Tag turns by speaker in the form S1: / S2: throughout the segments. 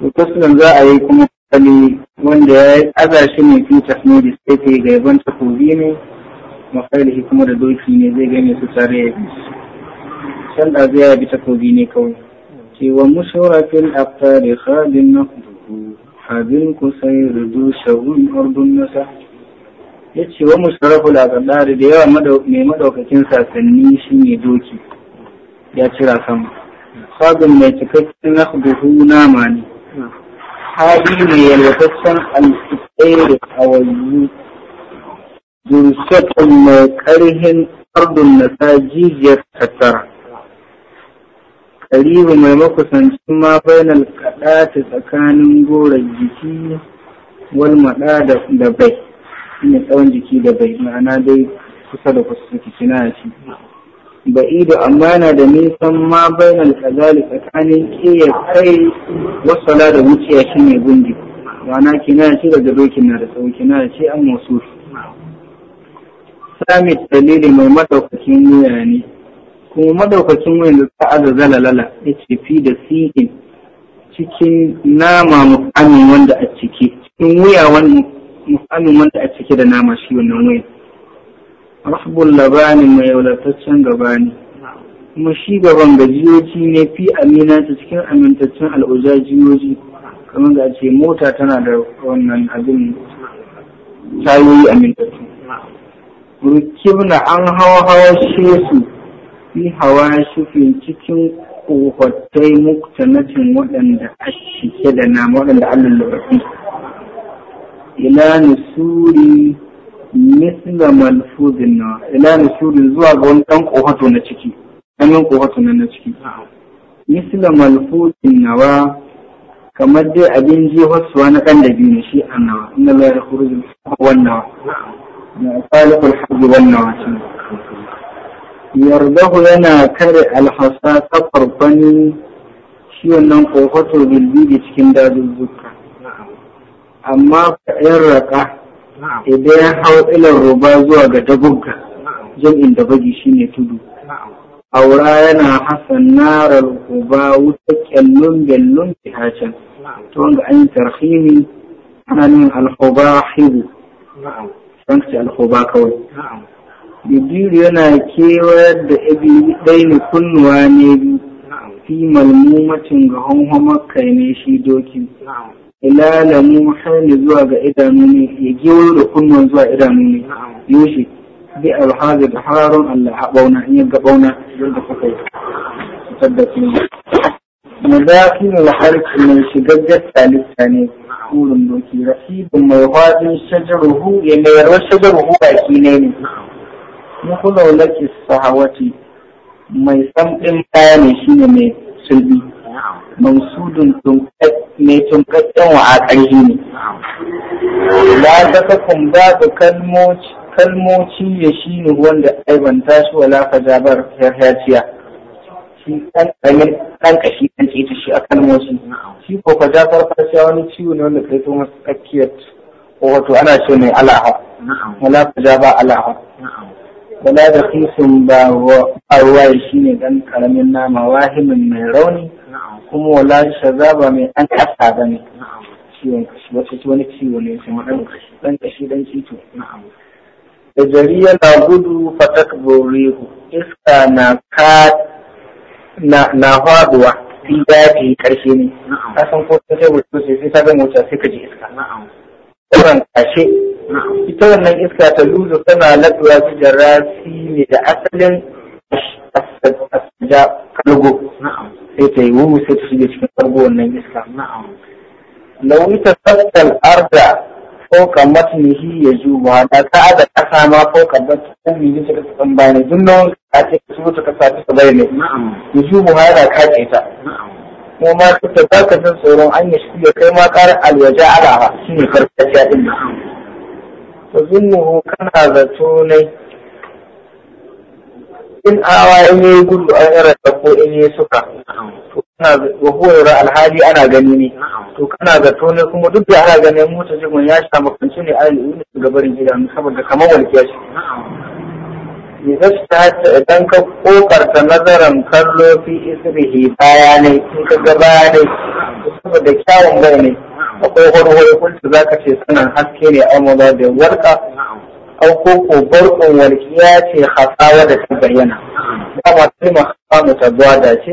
S1: Mutaslan za a yi kuma kali wanda ya aza shi ne fi tasmi da sai ta yi gaiban takobi ne, mafari kuma da doki ne zai gane su tare ya fi. Shan da zai bi takobi ne kawai. Cewa mushawar fil aftar da khadin na
S2: hudu.
S1: abin kusai rudu shagun ardun nasa ya ce wa musarafu lagadari da yawa mai madaukakin sasanni shi ne doki ya cira sama sabin mai cikakken na hudu nama ne hali mai yalwataccen alfitsairu a wayu dursatun mai ƙarhin ardun nasa jijiyar tattara ƙaribu mai makusanci ma bainal kaɗa tsakanin goro jiki wal maɗa da bai ne tsawon jiki da bai ma'ana dai kusa da kusa suke kina shi ba'idu amma yana da nisan ma bainal kazali tsakanin kiyar kai wasala da wuciya shi ne gundi ma'ana kina shi daga dokin na da tsawo kina shi an masu samit dalili mai madaukakin wuya ne kuma da wanda ta'ala zalalala ya ce fi da sihin cikin nama mu'amin wanda a ciki cikin wuya wani mu'amin wanda a cike da nama shi wannan wuyan rahbul labani mai yaulataccen gabani kuma shi gaban gajiyoji ne fi amina ta cikin amintaccen jiyoci. kamar da ce mota tana da wannan abin tayoyi amintattu rukibna an hawa hawa shesu fi hawa shufin cikin kohottai muktanatin waɗanda a cike da nama waɗanda ila nusuri misla malfuzin na ila nusuri zuwa ga wani ɗan kohoto na ciki kohoto na ciki misla malfuzin nawa kamar dai abin jihoswa na ɗan da biyu shi annawa inna la yakhrujul hawa wan na salikul yardahu yana kare alhassa ta farfani shi wannan kofato bilbili cikin dazuzzuka amma yan raka idan ya hau ilar roba zuwa ga dabugga jam'in da bagi shine tudu aura yana hasan narar ruba wuta kyallun gyallun tihacin ta wanda an yi tarhimi ana nuna alhuba hibu sanci kawai يدير ينا كيوة دعبي دين كن واني في ملمومة غهم هما كينيشي دوكي إلا لموحة لزوا إدامني يجيور كن وزوا إدامني يوشي بي الحاج بحار الله حقونا هي قبونا جلد فقير تبتني مداخل الحرك من شجرة ثالث ثاني قول دوكي رسيب ما يغادر شجره يلي يرى شجره باكينين muhulau laki sahawati mai samɗin kaya ne ne mai sulbi mansudun mai tunkakken wa a ƙarfi ne la zaka kun ba da kalmoci ya shi ne wanda aibanta shi wala fajabar yarhaciya shi kan kamin kan kashi kan ce shi a kalmoci shi ko fajabar farciya wani ciwo ne wanda kai to tsakiyar wato ana ce mai alaha wala fajaba alaha wala da kisun ba arwai shi ne ɗan ƙaramin nama wahimin mai rauni kuma wala shazaba mai an ƙasa ba ne ciwon kashi wata wani ciwo ne kuma ɗan kashi ɗan kashi ɗan cito da jari yana gudu fatak borihu iska na ka na faɗuwa fi daji ƙarshe ne kasan ko ta ce wuce sai ta gama wuce sai ka ji iska karanta shi ita wannan iska ta luzu tana latuwa su jarrasi ne da asalin asja kalgo sai ta yi wuwu sai ta shiga cikin kalgo wannan iska launi ta sattal arda fauka matnihi ya ba da ta ada kasa ma fauka matnihi ne suka tsan bayanai duk nan ka ce su suka sa ta bayanai ya juba yana kace ta mu ma suka baka san tsoron an yi shi kai ma kar alwaja ha shi ne farkaciya din to zunnuhu kana zato ne in awa in yi gudu an yi rasa ko in yi suka to kana wa huwa alhali ana gani ne to kana zato ne kuma duk da ana ganin mota jigon ya sha makanci ne a yi ne gabarin musamman saboda kamar walƙiya shi yasta idan ka kokarta nazarin kallo fi isrihi baya ne in ka ga baya ne saboda kyawun bai ne akwai horhoro kulta za ka ce sanan haske ne an maza da warka an koko barkon walƙiya ce hasawa da ta bayyana dama sai ma hasawa mu tabuwa da ce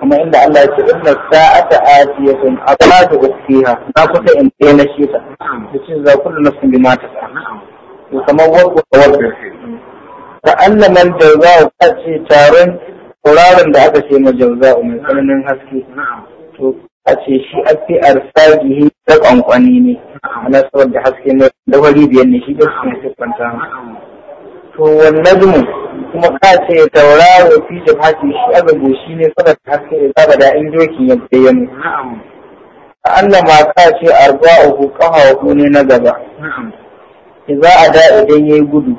S1: kuma inda Allah ya ce inna sa'ata atiyatun abadu ukhtiha na kusa in daina shi ta yace za kullu nafsin bima ta kamar wasu da wasu ta'allaman da za a ce taron tauraron da aka ce majauza mai tsananin haske to a ce shi a fi arsagihi da kwankwani ne a saboda da haske na da wari biyan ne shi da su ne kwanta to wani najmu kuma ka ce tauraro fi jabhati shi a zago shi ne saboda haske da zaba da in dokin ya bayyana ta'allama ka ce arba'uhu qahawu ne na gaba a ada idan yi gudu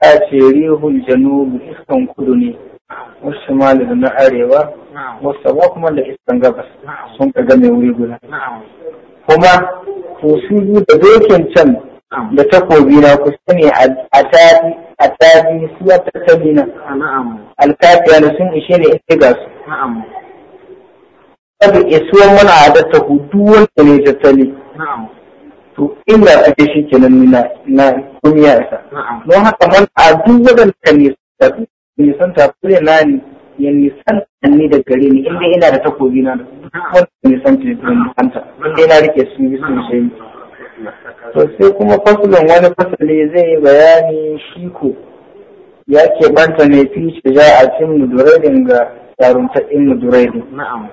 S1: a ce rihul janubu iskan kudu ne wasu malu na arewa wasu ba kuma da iskan gabas sun ka game wuri guda kuma su da dokin can da takobi na ku sani a tafi a tafi su a tattabi na alkafiya da sun ishe ne ita ga su kada isuwan mana a da ta hudu wanda ne tattali to illa a shi kenan na duniyarsa don haka man a duk wadanda nisan nisan na ni ya nisan ni da gare ni inda ina da takobi na wanda nisan ta inda ina rike su yi sun shi to sai kuma fasulun wani fasali zai yi bayani shi ko ya ke banta mai fi shi ja a cin muduraidin ga tarunta in muduraidin na'am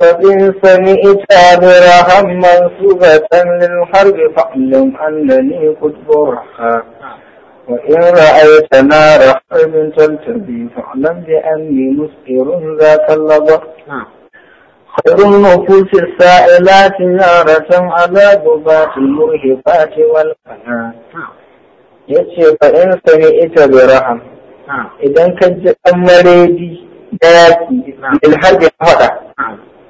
S1: فإن سمعت برها منصوبة للحرب فاعلم أنني قد برها وإن رأيت نار حرب تلتبي فاعلم بأني مسئر ذاك اللظى خير النفوس السائلات نارة على ضباط المرهقات والفناء يتي فإن سمعت برحم إذا كنت أمريدي الحرب هذا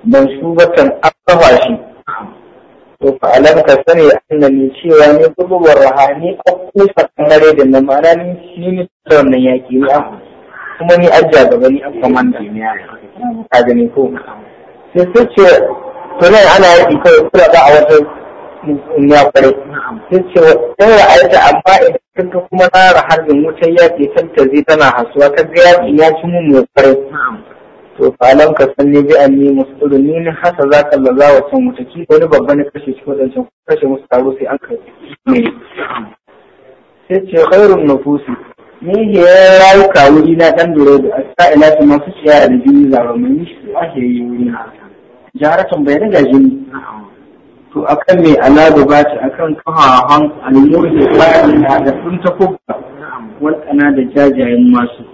S1: منصوبة أقوى شيء to fa alam ka sani annani cewa ne kullu warhani ko sakamare da na mana ni shi ne wannan yaki ne kuma ni ajja gaba ni a komanda ne ka gani ko sai sai ce to nan ana yaki kai kula ba a wata ya kware sai ce wa ɗaya a amma idan ta kuma tsara harbin wutar yaƙi tattazi tana hasuwa ta ga yaƙi ya ci mun mai kwarai to falon ka san ne bi an ni musulun ni ni hasa za ka laza wa can wuta ki wani babba ne kashe shi wadancan kashe musu taro sai an karɓi sai ce khairun nufusi ni ke rayuka wuri na ɗan dore da asa ila su masu ciya da biyu zaɓa mai ni shi ake yi wuri na jaratun bai riga jini to akan mai alaba ba ta akan kafafen almuri da da sun ta kuka da jajayen masu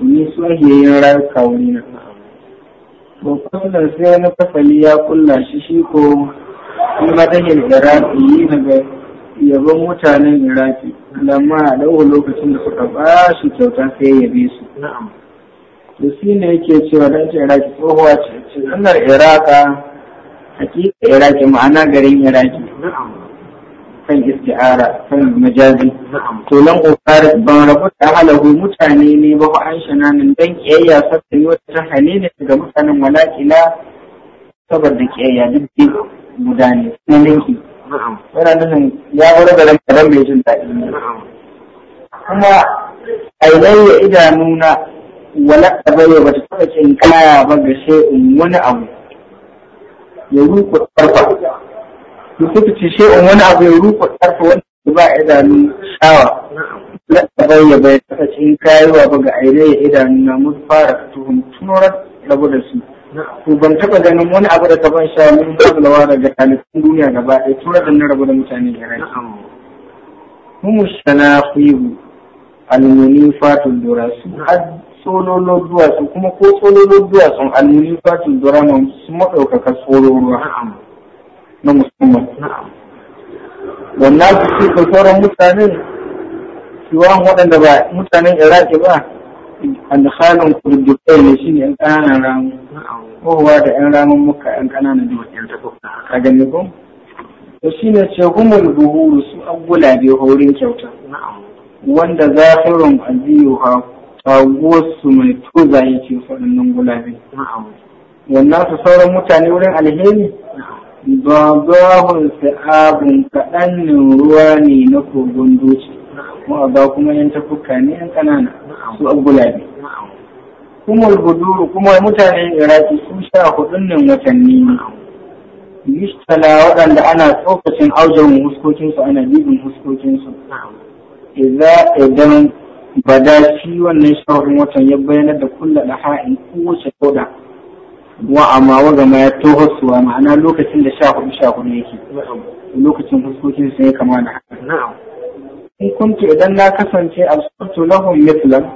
S1: ne su yin rayu kawuni na to kullum sai na fasali ya kulla shi shi ko
S2: in madahin iraki
S1: yi na ga yabon mutanen iraki lamma a dawo lokacin da suka ba shi kyauta sai ya yabe su da shi ne yake cewa don ce iraki tsohuwa ce nan iraka hakika iraki ma'ana garin iraki kan isti'ara kan majazi to lan ukaris ban rabu da halahu mutane ne ba ku aisha nan dan kiyayya sabta yi wata ta halina daga mutanen walakila saboda kiyayya duk ke gudane na ninki yana nufin ya wuri da ran ran mai jin daɗi kuma ainihin ya idanuna wala ta bayyana ba ta taɓa cin kaya ba ga shi'un wani abu ya rufe ƙarfa da suka ce shi in wani abu ya rufe ƙarfa wanda ba idanu shawa na ɗabai ya bai ta cikin kayarwa ba ga aire ya idanu na mun fara tuhum tunorar rabu da su to ban taɓa ganin wani abu da ka ban sha mun zaglawa daga talibin duniya gaba ɗaya turar da na rabu da mutane da rai mu musana fiyu al-munifatul durasu tsololon su kuma ko tsololon sun almuni fatin duraman su maɗaukaka ra'am na musamman.
S2: Wannan su ce
S1: ko sauran mutane siwan waɗanda ba mutanen Iraki ba halin kurdukai ne shi ne ‘yan ƙananan ramu. Kowa da ‘yan ramun muka ‘yan ƙananan da ta kuka a gani ko? To shi ne ce kuma buhuru su an gulabe wurin kyauta. Wanda za a aziyu ha su mai toza yake waɗannan gulabe wannan su sauran mutane wurin alheri ba zahun sa'abun kaɗan ne ruwa ne na kogon doci ba kuma yan tafuka ne yan ƙanana su gulabe kuma buduru kuma mutane iraki su sha kuɗin nan watanni ne yushtala waɗanda ana tsokacin mu huskokinsu ana bibin huskokinsu idan bada shi wannan shawarar watan ya bayyana da kulla da ha'in kowace koda wa amma wa gama ya toho suwa ma'ana lokacin da sha hudu sha hudu yake lokacin fuskokin sun yi kama da
S2: haka
S1: in kuntu idan na kasance a absurtu lahum mitlan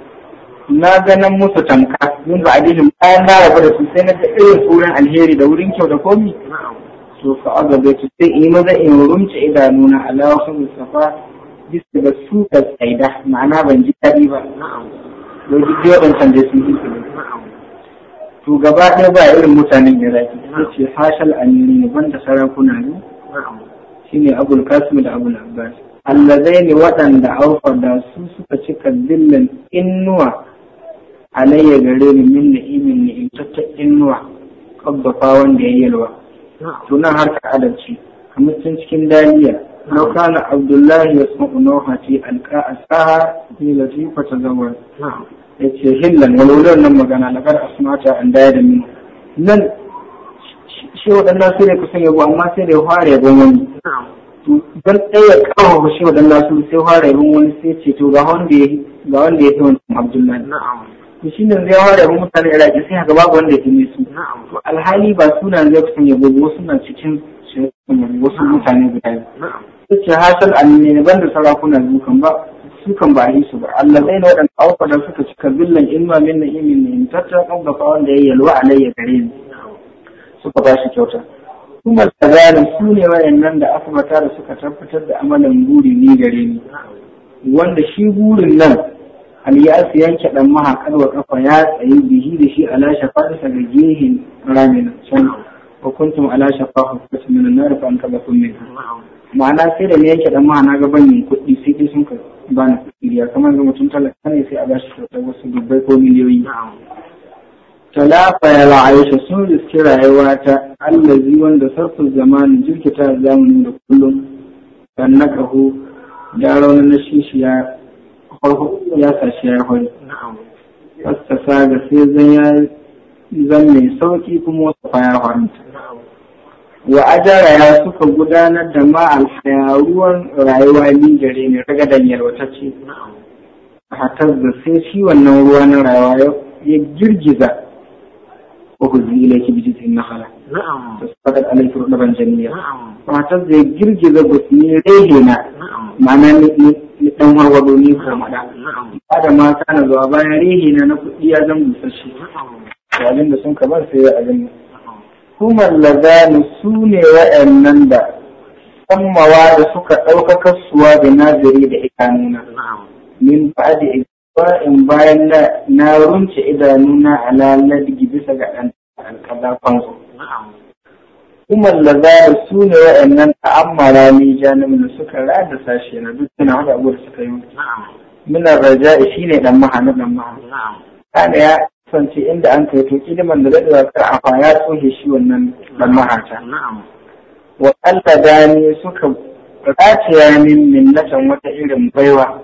S1: na ganin musu tamka Yin ba adilin bayan na rabu da su sai na ga irin tsoron alheri da wurin kyau da komi to fa azabaitu sai in yi maza in rumce idanuna ala wasu safa jiski ba su ka tsaida ma'ana ban ji daɗi ba da duk waɗancan da sun ji to gaba ɗaya ba irin mutanen ya zaki ya ce fashal amiri ne banda sarakuna ne ne abul kasim da abul abbas allazai ne waɗanda aufa da su suka cika dillan innuwa alayya gare ni min ni'imin ni'imtattar innuwa kabbafa wanda ya yi yalwa tunan harka adalci kamar cikin daliya لو كان عبد الله يسوق نوحة في ألقاء الساعة في لطيفة فتزوج نعم yace ولو لو لما كان على asmata an عن دائرة منه nan شو waɗannan su ne kusan yabo amma sai da ya fara dan ɗaya kawo ba shi waɗanda su sai fara yabon wani sai ce to ga wanda ya ga wanda ya fi wancan abdullahi to shi ne zai fara yabon mutane iraki sai haka babu wanda ya fi su alhali ba suna zai kusan yabo ba suna cikin shi wasu mutane guda biyu ne banda sarakuna dukan ba sukan ba yi su ba Allah zai wadan auka da suka cika billan ilma min na'imin ne in tatta kan ba wanda yayi yalwa alayya gare ni suka ba shi kyauta kuma kazalim su ne wayannan da aka mata da suka tabbatar da amalan buri ni gare ni wanda shi burin nan aliyasu yanke ɗan mahakar wa kafa ya tsayi bihi da shi ala shafa ga gehin ramin can wa kuntum ala shaqqa hufati min an-nar fa anqadhakum minha ma'ana sai da ne yake dan ma'ana ga banyin kuɗi sai dai sun ka bani kuɗi ya kamar da mutum talaka ne sai a bashi kyauta wasu dubbai ko miliyoyi talafa ya la'aisha sun riski rayuwa ta allazi wanda sarfin zamanin jirkita zamani da kullum dan nakahu ya raunin na shishiya ya sashi ya hori. Fasta saga sai zan ya zan mai sauki kuma wasu kwaya haramta wa ajara ya suka gudanar da ma alhayaruwan rayuwa ni gare ni ragadan A hatar da sai shi wannan ruwa na rayuwa ya girgiza wa huzi ilaiki bijizin nakhala ta sadar alaiki rudaban jamiya hatar da ya girgiza ne rege na ma'ana ni dan warwaro ni hamada ba da mata na zuwa bayan rege na na kuɗi ya zan busasshe abin da sun kamar sai abin kuma lazani su ne wa'annan da kammawa da suka ɗaukaka suwa da nazari da idanuna min ba'di in bayan na runce idanuna ala ladigi bisa ga ɗan alƙalafan su kuma lazani su ne wa'annan ta'ammara ni janin da suka rada sashe na duk suna haɗa abu da suka yi min raja'i shine dan mahana dan mahana kana ya kasance inda an kai to ilimin da zai zaka amfani ya tsohe shi wannan ban mahata wa Allah dani suka raciya min minnatan wata irin baiwa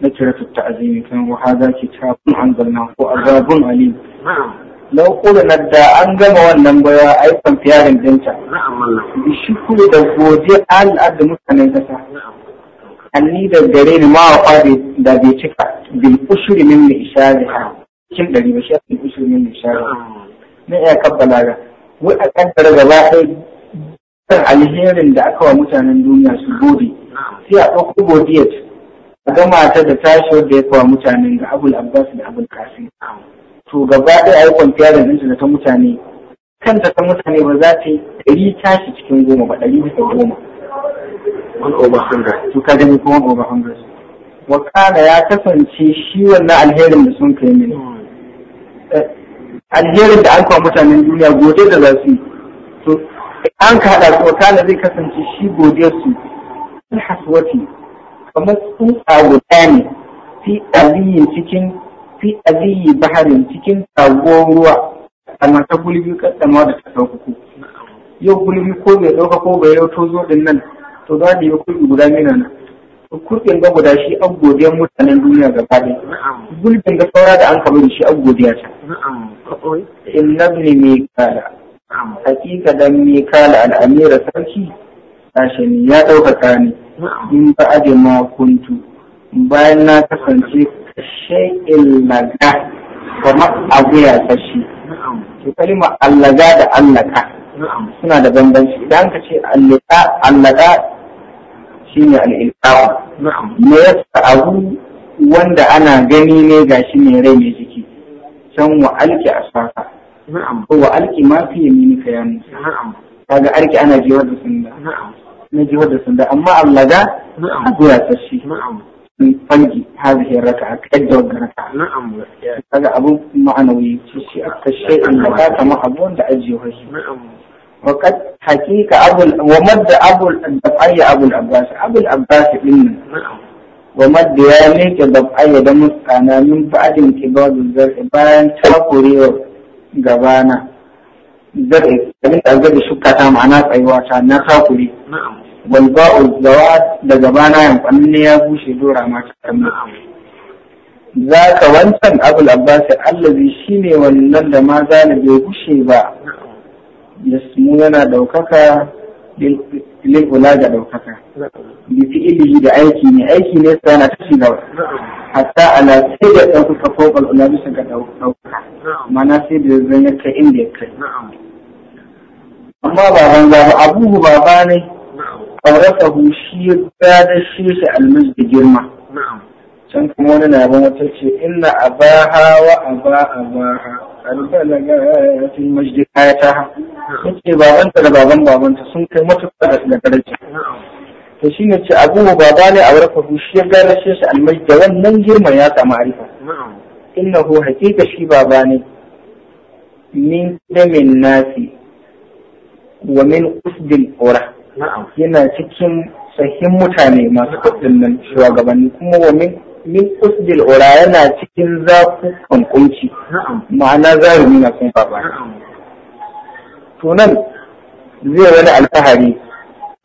S1: na kiratu ta'azimi kan wa hada kitabun anzalna ko azabun alim lau kula na da an gama wannan baiwa ai kamfiyarin dinta bi shukuru da godiya al'ad da mutanen kasa anni da gare ni ma wa da bai cika bil ushri min ishariha cikin ɗari ba shafi usulun nishara ah. na iya kabbala ga wai a kankara gaba ɗaya kan alherin da aka wa mutanen duniya su gode ah. sai a ɗauko godiyar a ga mata da tashi wadda ya kawo mutanen ga abul abbas da abul kasim ah. to gaba ɗaya a yi kwanciya da nan ta mutane kanta ta mutane ba za ta yi ɗari tashi cikin goma ba ɗari bisa goma one to ka gani kuma one over hundred wakana ya kasance shi wannan alherin da sun kai mini hmm. alherin da an kawo mutanen duniya gode da za su yi to an ka haɗa su wata zai kasance shi godiyar su sun haswati kamar sun guda ne fi aliyin cikin fi baharin cikin tsawon ruwa amma ta gulbi kaddama da ta ɗaukaku yau gulbi ko bai ɗauka ko bai yau to zo ɗin nan to za da yi gulbi guda mina nan kurɗin ga guda shi an godiyar mutanen duniya ga kare gulbin ga saura da an kamar shi an godiya ta in nabni mai kala hakika dan mai kala al'amira sarki sashani ya dauka kani in ba aje ma kuntu bayan na kasance shay'in laga kamar aguya ta shi to kalima allaga da allaka suna da bambanci idan ka ce allaga shi ne al'ilkawa me yasa abu wanda ana gani ne gashi mai rai mai jiki can wa alki a saka ko wa alki ma fi yamini ka ya musa kaga alki ana jiwar da sanda na jiwar da sanda amma Allah ga a gura ta shi sun fangi hazihin raka a kaddar da raka kaga abu ma'anawi shi aka shai'in da ka kama abu wanda ajiyar shi وقد حقيقة أبو ال... ومد أبو الضبعية أبو العباس أبو العباس إن ومد ياميك ضبعية دمسكانا من بعد انكباد الزرع بان تاكوري غبانا زرع da zai shuka ta ma'ana tsayuwa ta na kakuri walba'u zawa da gabana yankwanne ya bushe dora mata kamar za ka wancan abul abbas allazi shine wannan da ma zana bai bushe ba يسمو ينا دوكاكا للأولى دوكاكا بفئله دا أيكي ني أيكي ني سانا تشي حتى على سيدة دوكاكا فوق الأولى بسكا دوكاكا معنى سيدة زينك إنديك أما بابان بابا أبوه باباني أورثه شيء بعد الشيخ المجد جرمه نعم can kuma wani na ba أباها وأبا أباها abaha wa aba abaha
S2: suke ce babanta
S1: da baban babanta sun kai matuƙa da garki to shi ne ce abubu baba ne a warfa shi ya gane shi shi almai da wannan girman ya samu arifa innahu hakika shi baba ne min damin nasi wa min usbin ura yana cikin sahin mutane masu kudin nan shugabanni kuma wa min min ura yana cikin zafukan kankunci. ma'ana zarumi na sun baba sunan zai wani alfahari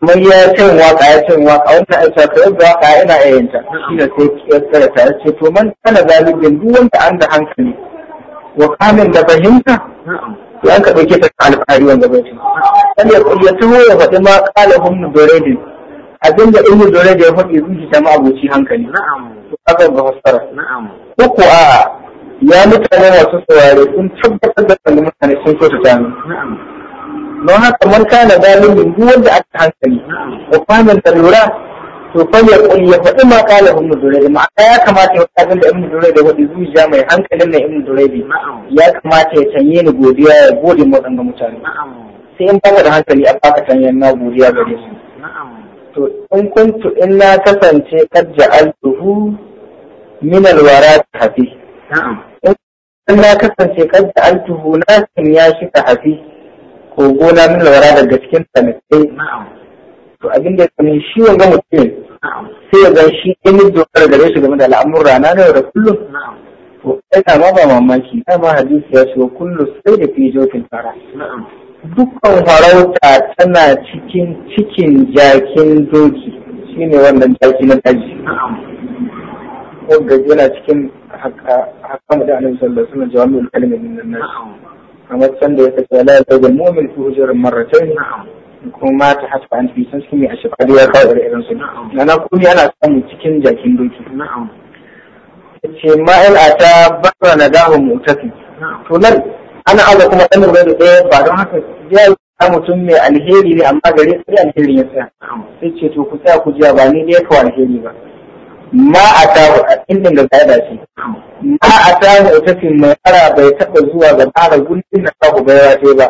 S1: kuma ya cin waka ya cin waka wannan a shafiyar da waka ina ayyanta shi da sai ya tsara ta ce to man kana zalibin duk wanda an da hankali wa kamin da fahimta to an ka dauke ta alfahari wanda bai ci dan ya ya taho ya faɗi ma qala hum duradin abinda ibnu duradin ya faɗi zuci ta ma hankali na'am to ga fassara na'am ko ko a ya mutane masu tsawari sun tabbatar da mutane sun so ta na'am don haka man kana zalimin duk wanda aka hankali wa kwanan da lura to fa ya ya faɗi ma kana ibn duraydi ma'ana ya kamata ya faɗi da ibn duraydi wadi zuciya mai hankalin na ibn duraydi ya kamata ya canye ni godiya ya gode mu dan mutane sai in fara da hankali a baka canyen na godiya gare su to in kuntu in na kasance kad ja'altuhu min alwara hafi in na kasance kad ja'altuhu na san ya shi hafi lura da min ta daga cikin eh, na'am to abin da ne shi wanga mutumin sai ya shi in dokar gare shi game da al'amurra na ne da kullum to sai ma ba mamaki sai ma hadisi ya shigo kullum sai da fi jokin fara dukkan farauta tana cikin cikin jakin doki shine wannan jaki na daji ko gaji yana cikin haka haka mu da annabi sallallahu alaihi wasallam jawabul kalimin nan kamar sanda ya tafi la ta zamo mai fuhujar marratai kuma ta hata an fi san sun yi a shafari ya kawo irin su na na kuma yana samu cikin jakin doki ce ma'ila ta bara na dawo mutafi to nan ana aza kuma ɗan rubai da ɗaya ba don haka ya ta mutum mai alheri ne amma gare sai alheri ya tsaya sai ce to ku tsaya ku jiya ba ni ne ya kawo alheri ba ما أتاه أتنين الغيبة شيء ما أتاه أتاك المرأة بيتاك الزوى غبارة قلت إن أتاه بيها جيبا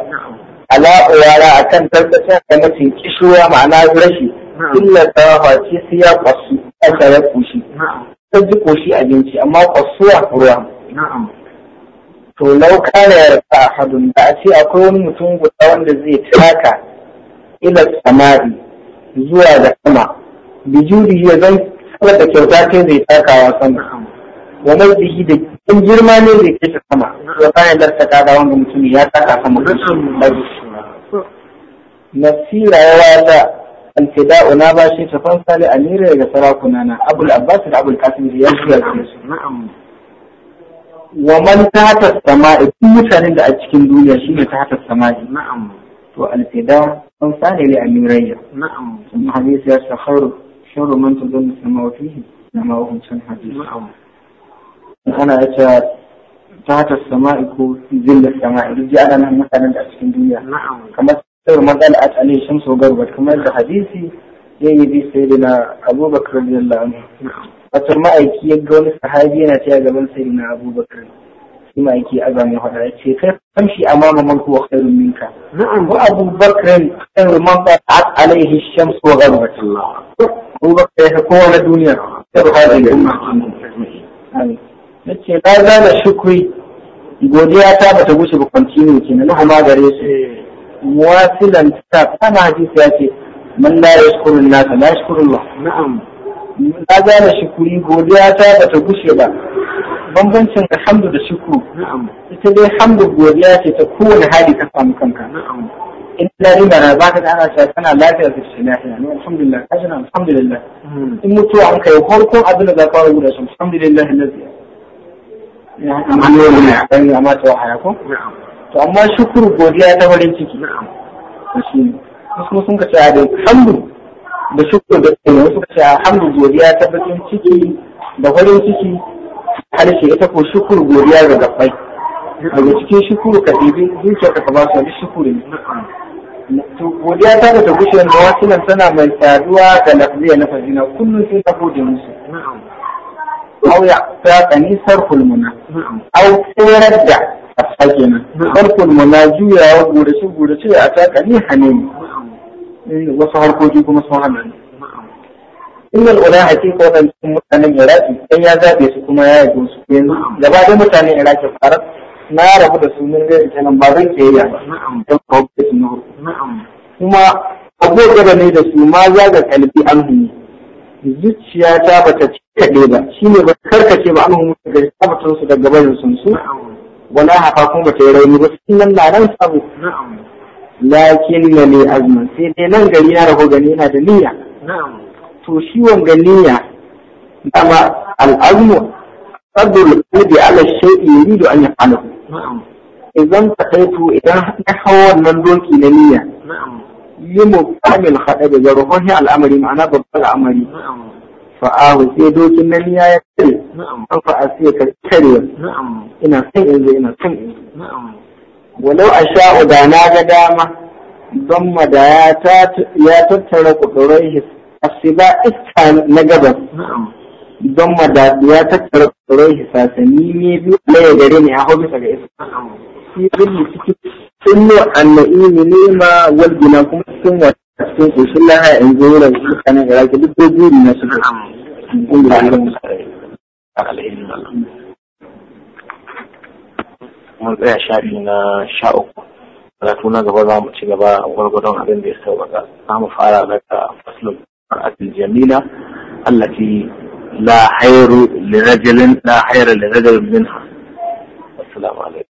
S2: ألا أولا
S1: أتن تلبسة كمتين كشوة معنا زرشي كل طرفة تيسية قصوة أخرى كوشي تجي كوشي أجنشي أما قصوة فروها نعم to lau kare ya rasa ahadun da a ce akwai wani mutum guda wanda zai taka ila samari zuwa da sama bijiri ya zan da kyauta ce zai takawa sama wa mazihi da in girma ne zai kai sama wa kayan larta ta da wanda mutum ya taka sama nasira ya wata alfida'u na ba shi tafan sale amira daga sarakuna na abul abbas da abul kasim ya zuwa wa man tahta sama'i duk mutanen da a cikin duniya shine tahta sama'i na'am to alfida san sale li amirayya na'am sun hadisi ya shahara شر من tazalla samawatihi kama wa hum san hadis ana yace ta ta sama'i ko zilla sama'i duk ana nan mutanen a cikin duniya kamar sirrin matsala الشمس tsale كما garbat kamar da بي ya yi بكر رضي da na wata ma'aiki ya ga wani sahabi yana taya gaban sai na abubakar shi ma'aiki ya azamin hada ya ce kai kamshi a mama man kuwa khairun minka wa abubakar man ba alaihi shamsu وبقوة الدنيا تبقى الأمة nace na zana shukri godiya ta bata wuce ba continue kenan na hama gare su muwasilan ta kana hadisi ya ce man la yashkurun nasa la yashkurun Allah na'am na zana shukuri godiya ta bata wuce ba bambancin alhamdu da shukru na'am ita dai hamdu godiya ce ta kowane hali ka samu kanka na'am illa riba za ka ana shi kana lafiya da shi lafiya ne alhamdulillah ka jira alhamdulillah in mutuwa an kai farkon abin da za ka fara guda shi alhamdulillah allazi ya amma ne ne a kan amma to haya ko to amma shukuru godiya ta farin ciki shi ne wasu sun ka ce alhamdu da shukuru da kuma wasu ka ce alhamdu godiya ta bakin ciki da farin ciki harshe ita ko shukuru godiya ga gabbai daga cikin shukuru ka ɗibi zuciya ka ba su wani shukuru ne godiya ta da gushe da nan tana mai saduwa da lafiya na fajina kullum sai ta gode musu au ya ta kani sarful muna au tsirar da a kenan sarful muna juyawa gurace ce a ta kani hannu. Eh, wasu harkoki kuma sun hana ne innal ula hakika wadannan mutanen iraki ɗan ya zaɓe su kuma ya yi gosu yanzu gaba da mutanen iraki farar na rabu da sunan mun gani kenan ba zan ke yaya dan babbe
S2: kuma
S1: abu gaba ne da su ma za ga kalbi anhu zuciya ta bata kaɗe ba Shi ne ba karkace ba anhu daga tabbatun su daga bayan sun su wala hafa kuma bata yi rauni ba sun nan na ran sabu lakin na ne azumin sai dai nan gari na rabu gani yana da niyya to shi wanga niyya dama al'azmu qadru al-qalbi ala shay'in yuridu an yafalahu نعم إذا تخيتوا إذا نحو من دوكي لنية نعم لمقام الخطأ جرهه الأمر معنى ببقى الأمر نعم fa'ahu sai dokin nan ya ya kare an fa'a sai ya karɓi karewa ina son in zo ina son in walau a sha'u da na ga dama don da ya tattara kudurai his asiba iska na gabas don madatu ya tattara tsoron shi sasanni ne biyu da ya gare ne a hobi daga isa shi zurfi cikin sunno anna'imi ne ma walgina kuma cikin wata cikin koshin lahaya in zo wurin mutanen iraki duk da juri na su mun tsaya shafi na sha uku karatu na gaba za mu ci gaba gwargwadon abin da ya sauƙaƙa za mu fara daga faslun al'adul jamila allati لا خير لرجل لا خير لرجل منها السلام عليكم